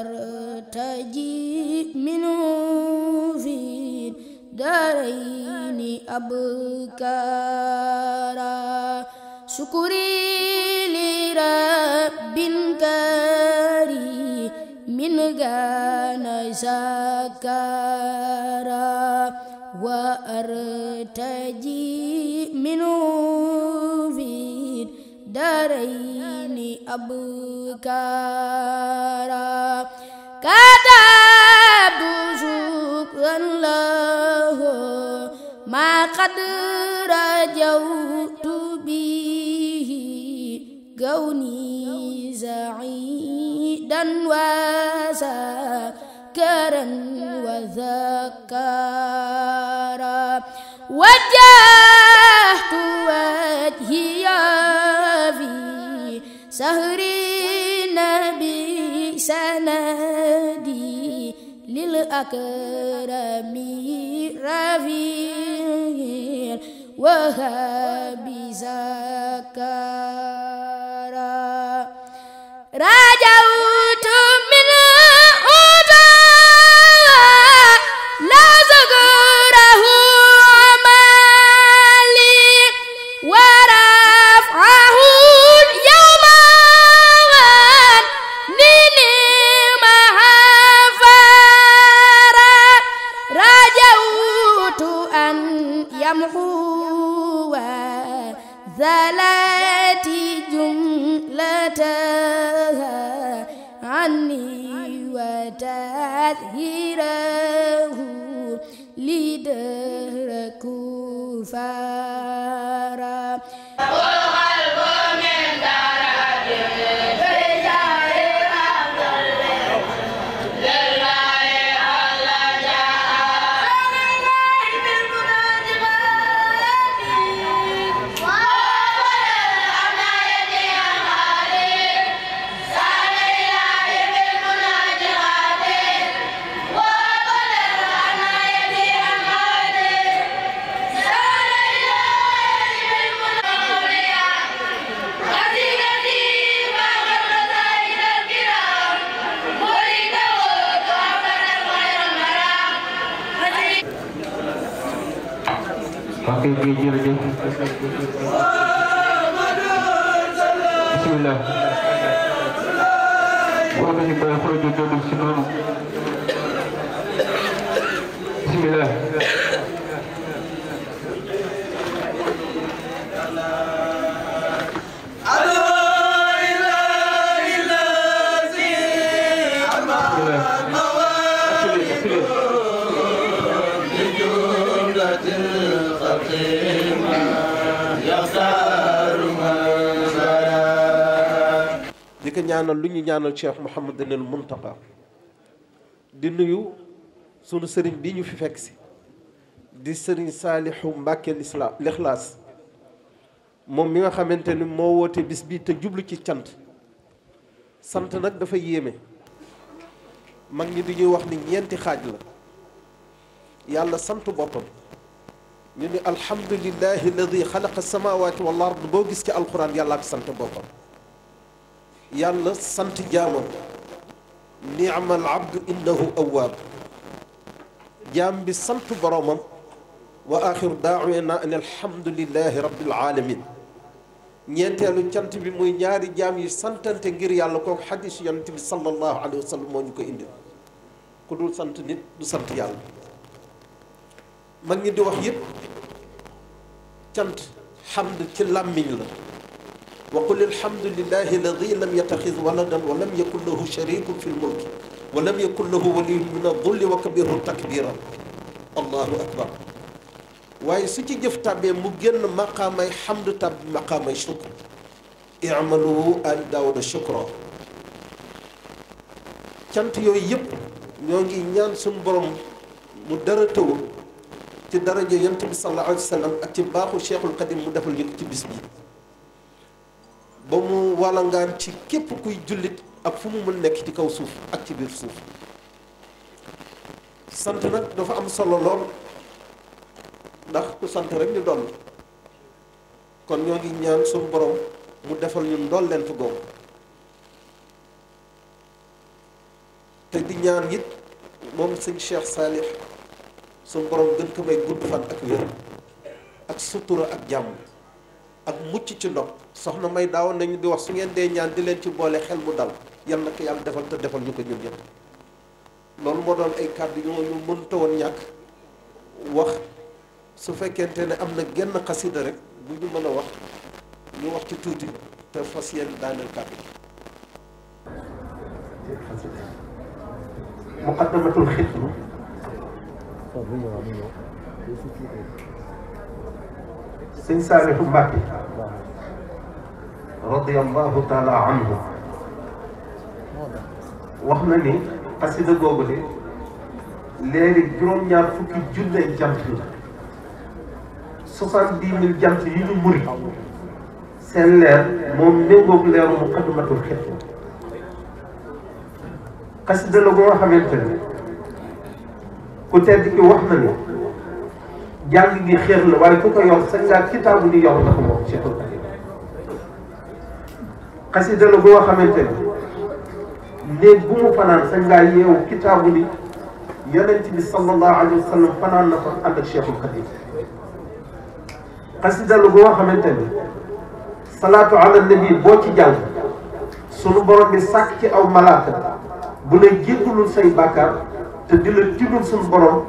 أرتجي منه في دارين أبكارا شكري لرب كريم من غنى سكارا وأرتجي منه في الدارين أبكارا كتاب شكرا له ما قد رجوت به كوني سعيدا وسكرا وذكارا وجهت وجهت sahri nabi sanadi lil akrami rafi wahabi zakara raja الزلات جملتها عني وتأثيره لدهر كوفا ok kay jërëjëf bismillah war nañu ñaanal lu ñu ñaanal Cheikh Mouhamadul Muntaqa di nuyu sunu sëriñ bi ñu fi fekk si di sëriñ Saalixu Mbàkke Lixlaas moom mi nga xamante ni moo woote bis bi te jublu ci cant sant nag dafa yéeme mag ñi dañuy wax ni ñeenti xaaj la yàlla sant boppam ñu ni alhamdulillahi alladi xalaqa samawati wal ard boo gis ci alquran yàlla ak sant boppam yàlla sant jaamam ni'mal abdu innahu awwaab jaam bi sant boroomam wa axiru daawana an alhamdulillahi rabbil alamin ñeenteelu cant bi muy ñaari jaam yi santante ngir yàlla kooku xadis yonent bi sallallahu alayhi wa sallam moo ñu ko indi ku dul sant nit du sant yàlla mag ñi di wax yépp cant xamd ci làmmiñ la wa qul alhamdulillahi alladi lam yattaxid waladan wa lam yakun lahu sharikun fi lmulki wa lam yakun lahu waliyun min adulli wa kabirhu takbira allahu akbar waaye su ci jëf tàbbee mu génn maqaamay xamdu tàbbi maqaamay shukr imalu ali daawuda shukra cant yooyu yëpp ñoo ngi ñaan suñu borom mu dara tëwul ci daraja yonent bi sallallahu alayhi wa sallam ak ci baaxu Cheikhul Xadim mu defal ñu ko ci bis bi ba mu walangaan ci képp kuy jullit ak fu mu mën nekk ci kaw suuf ak ci biir suuf sant nag dafa am solo lool ndax ku sant rek ñu doll kon ñoo ngi ñaan suñu boroom mu defal ñun dool lent googu te di ñaar it moom sëñ Cheikh Salih suñu borom gën ko may gudd fan ak wér ak sutura ak jàmm ak mucc ci ndog soxna may daaw nañu di wax su ngeen dee ñaan di leen ci boole xel mu dal yal na ko defal te defal ñu ko ñun ñëpp loolu moo doon ay kàddu yu ñu mënta woon ñàkk wax su fekkente ne am na genn xasida rek bu ñu mën a wax ñu wax ci tuuti te fas yéen daaneel kàddu gi sëñ Saalihu Mbàkke radiallahu taala anhu wax na ni xasida googu de léegi juróom-ñaar fukki junne jant la soixante dix mille jant yi ñu muri seen leer moom méngoog leeru muqaddimatul xitma xasida la boo xamante ne ku tedd wax na ni jàng ngi xeer la waaye ku ko yor sax ngaa kitaabu di yor la ko moom Cheikhul Khadim xasida la boo xamante ni néeg bu mu fanaan sax ngaa yeewu kitaabu di yonent bi sallallahu alayhi wa sallam fanaan na ko ànd boo xamante ni salaatu ala boo ci jàng sunu borom bi sàkk ci aw malaaka bu lay jéggalul say bàkkaar te di la tibbul sunu borom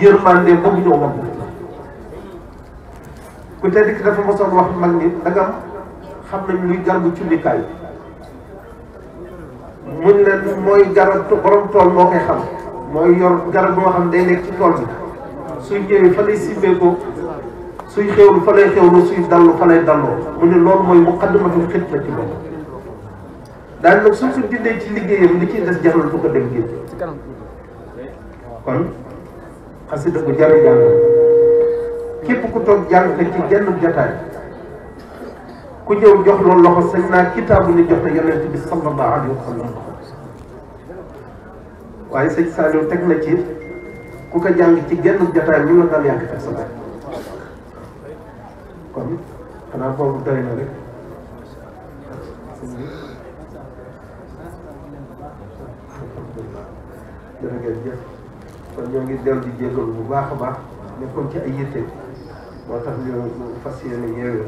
yërmande ba mu ñëw ku tedd ki dafa mosoon wax mag ni dagam xam nañ luy garbu cullikaay mun ne mooy garab borom tool moo koy xam mooy yor garab boo xam day nekk ci tool bi suy ñëwee fa lay simmee ko suy xewlu fa lay xewlu suy dallu fa lay lool mu ne loolu mooy muqaddimatul xidma ci moom daal nag suñ suñ dindee ci liggéeyam li ciy des jarul bu ko dem génn kon xasida bu jar jàng képp ku toog jàng ko ci genn jotaay ku ñëw jox loolu loxo sañ naa kitaabu jox ko yonent bi sallallahu alayhi wa sallam waaye sëñ Saliou teg na ci ku ko jàng ci genn jotaay ñu la daan yàgg teg sa kon xanaa boobu doy na rek jërëjëf kon ñoo ngi dellu di jégalu bu baax a baax nekkoon ci ay yitte moo ñu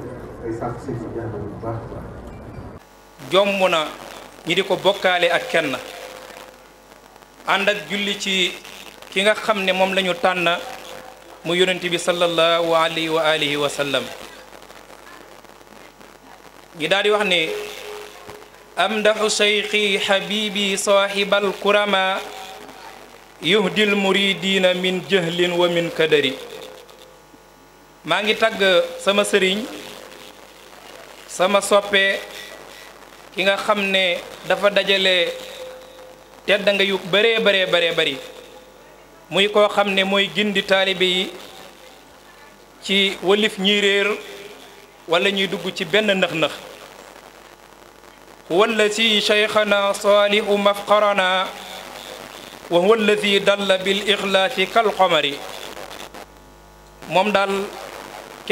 jomm na ñi di ko bokkaale ak kenn ànd ak julli ci ki nga xam ne moom la tànn mu yonent bi sallallahu alayhi wa alihi wa sallam ñi daal wax ne amdaxu cheikhi habibi saaxibal kurama yuhdil muridina min jahlin wa min kadari maa ngi tagg sama sëriñ sama soppe ki nga xam ne dafa dajale tedd nga yu bëree bëree bëree bëri muy koo xam ne mooy gindi taalibe yi ci wëlif ñiy réer wala ñuy dugg ci benn nëx-nëx huwa alladi cheikhana saalihu mafqarana wa huwa alladi dalla bil ixlaasi kal xomari moom daal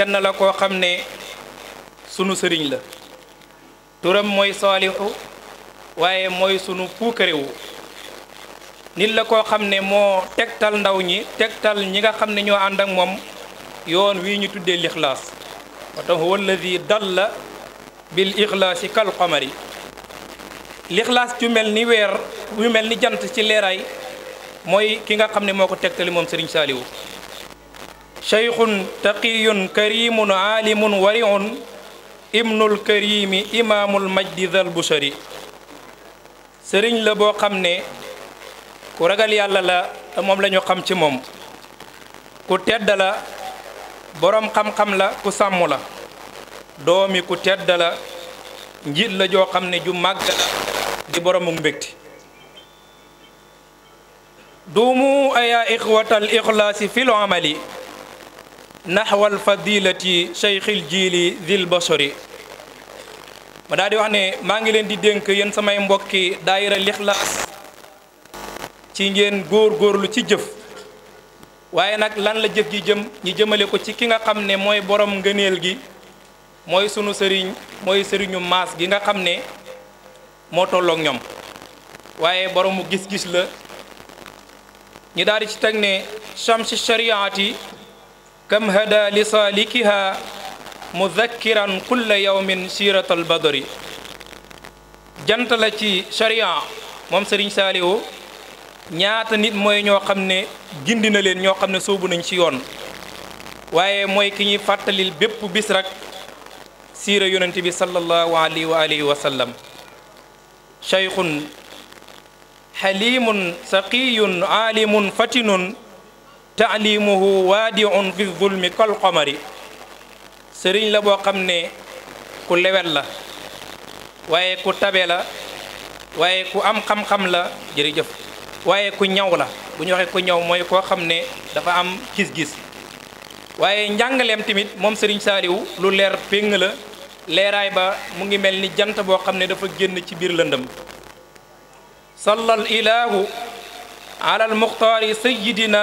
kenn la koo xam ne sunu sëriñ la turam mooy saalixu waaye mooy sunu puukarewu nit la koo xam ne moo tegtal ndaw ñi tegtal ñi nga xam ne ñoo ànd ak moom yoon wii ñu tuddee lixlaas wa tax walladi dalla bil ixlaasi kal xamari lixlaas yu mel ni weer yu mel ni jant ci leeraay mooy ki nga xam ne moo ko tegtali moom sëriñ saaliwu cheykhun taqiyun karimun aalimun wariun ibnul karimi imaamul majdi dal busari sëriñ la boo xam ne ku ragal yàlla la moom lañu xam ci moom ku tedd boroom xam-xam la ku sàmm la doomi ku tedd la njiit la joo xam ne ju màgg la di boroomu mbégti duumu ayaa ixwatal ixlaasi fil amali naxwal fadilati cheikhil jiili dil basori ma daal wax ne maa ngi leen di dénk yéen samay mbokki daayira lixlaas ci ngeen góor góorlu ci jëf waaye nag lan la jëf ji jëm ñi jëmale ko ci ki nga xam ne mooy borom ngëneel gi mooy sunu sëriñ mooy sëriñu maas gi nga xam ne moo tollook ñoom waaye boromu gis-gis la ñu daal di ci teg ne chamsi shariati kam hada li saalikiha mudakkiran kulla yawmin siirat al badari jant la ci sharia moom sëriñ saaliwu ñaata nit moy ñoo xam ne gindi na leen ñoo xam ne sóobu nañ ci yoon waaye mooy ki ñuy fàttalil bépp bis rek siira yonent bi sallallahu alayhi wa alihi wa sallam cheykhun xalimun saqiyun aalimun fatinun taalimuhu waadiun fi zulmi kal qamari sëriñ la boo xam ne ku lewet la waaye ku tabe la waaye ku am xam-xam la jërëjëf waaye ku ñaw la bu ñu waxee ku ñaw mooy koo xam ne dafa am gis-gis waaye njàngaleem tamit moom sëriñ saaliw lu leer péng la leeraay ba mu ngi mel ni jant boo xam ne dafa génn ci biir lëndëm sallal ilaahu alal muxtaari sayidina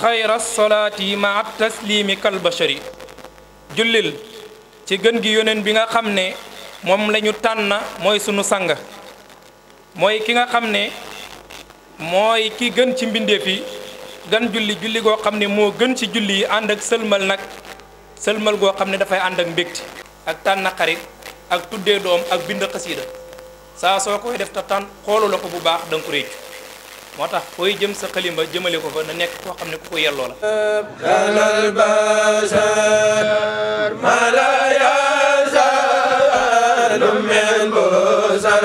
xayra solaati ma at taslimi kal bashari jullil ci gën gi yoneen bi nga xam ne moom lañu ñu tànn mooy sunu sàng mooy ki nga xam ne mooy ki gën ci mbindeef yi gan julli julli goo xam ne moo gën ci julli yi ànd ak sëlmal nag sëlmal goo xam ne dafay ànd ak mbégte ak tànn xarit ak tuddee doom ak bind xasiida saa soo koy def te tànn xoolu la ko bu baax danga ko réccu moo tax koy jëm sa xalimba jëmale ko fa na nekk koo xam ne ku ko yelloo la dalal basar malaya sar lu meen bu sar